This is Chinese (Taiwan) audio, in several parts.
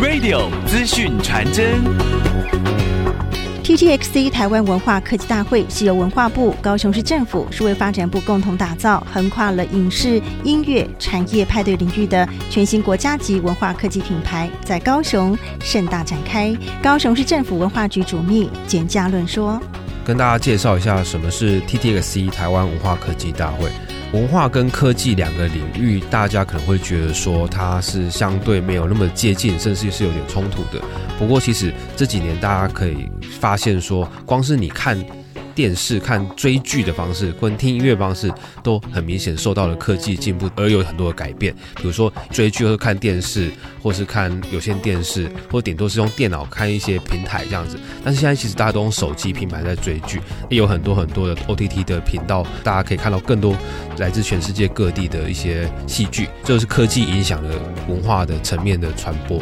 Radio 資訊傳真，TTXC 台灣文化科技大會是由文化部、高雄市政府、數位發展部共同打造，橫跨了影視、音樂、產業、派對領域的全新國家級文化科技品牌，在高雄盛大展開。高雄市政府文化局主秘簡嘉論說：“跟大家介紹一下，什麼是 TTXC 台灣文化科技大會。”文化跟科技兩個領域，大家可能會覺得說它是相對沒有那麼接近，甚至是有點衝突的。不過，其實這幾年大家可以發現說，光是你看。電視看追劇的方式，跟聽音樂方式，都很明顯受到了科技進步而有很多的改變。比如說追劇或看電視，或是看有線電視，或頂多是用電腦看一些平台這樣子。但是現在其實大家都用手機平板在追劇，有很多很多的 OTT 的頻道，大家可以看到更多來自全世界各地的一些戲劇。這是科技影響了文化的層面的傳播。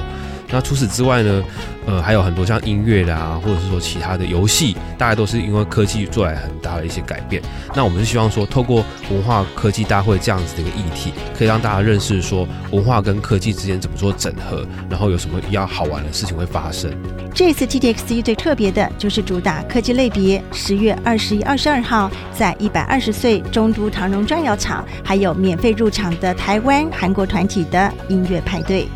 那除此之外呢，呃，還有很多像音樂啦，或者是說其他的遊戲，大家都是因為科技做來很大的一些改變。那我們是希望說，透過文化科技大會這樣子的一個議題，可以讓大家認識說，文化跟科技之間怎麼做整合，然後有什麼比較好玩的事情會發生。這次 TTXC 最特別的就是主打科技類別，十月二十一、二十二號在一百二十歲中都唐榮磚窯廠，還有免費入場的台灣、韓國團體的音樂派對。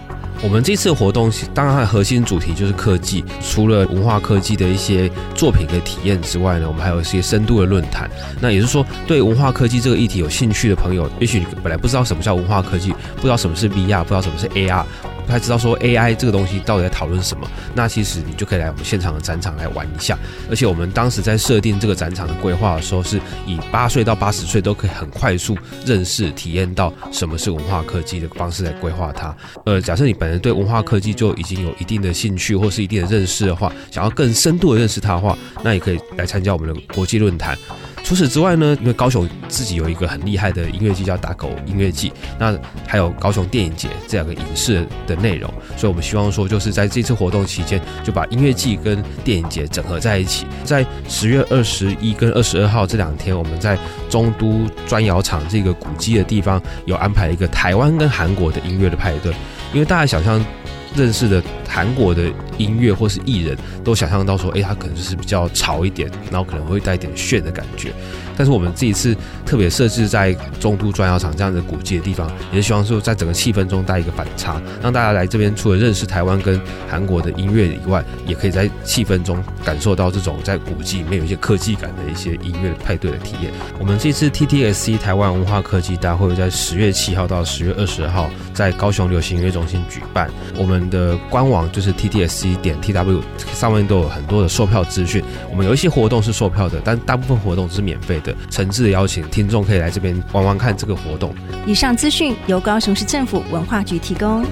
我們這次活動，當然它的核心主題就是科技。除了文化科技的一些作品的體驗之外呢，我們還有一些深度的論壇。那也就是說，對文化科技這個議題有興趣的朋友，也許你本來不知道什麼叫文化科技，不知道什麼是 VR，不知道什麼是 AR。不太知道說 AI 這個東西到底在討論什麼？那其實你就可以來我們現場的展場來玩一下。而且我們當時在設定這個展場的規劃的時候，是以八歲到八十歲都可以很快速認識、體驗到什麼是文化科技的方式來規劃它。呃，假設你本人對文化科技就已經有一定的興趣或是一定的認識的話，想要更深度的認識它的話，那也可以來參加我們的國際論壇。除此之外呢，因為高雄自己有一個很厲害的音樂祭，叫“打狗音樂祭”，那還有高雄電影節這兩個影視的內容，所以我們希望說，就是在這次活動期間，就把音樂祭跟電影節整合在一起。在十月二十一跟二十二號這兩天，我們在中都磚窑廠這個古蹟的地方，有安排一個台灣跟韓國的音樂的派對。因為大家想象認識的。韓國的音樂或是藝人都想象到說，哎、欸，他可能就是比較潮一點，然後可能會帶一點炫的感覺。但是我們這一次特別設置在中都磚窑廠這樣子的古蹟的地方，也是希望說在整個氣氛中帶一個反差，讓大家來這邊除了認識台灣跟韓國的音樂以外，也可以在氣氛中感受到這種在古蹟裡面有一些科技感的一些音樂派對的體驗。我們這次 TTXC 台灣文化科技大會在十月七號到十月二十號在高雄流行音樂中心舉辦，我們的官網。就是 t t s c 點 t w 上面都有很多的售票資訊。我們有一些活動是售票的，但大部分活動是免費的。誠摯的邀請聽眾可以來這邊玩玩看這個活動。以上資訊由高雄市政府文化局提供。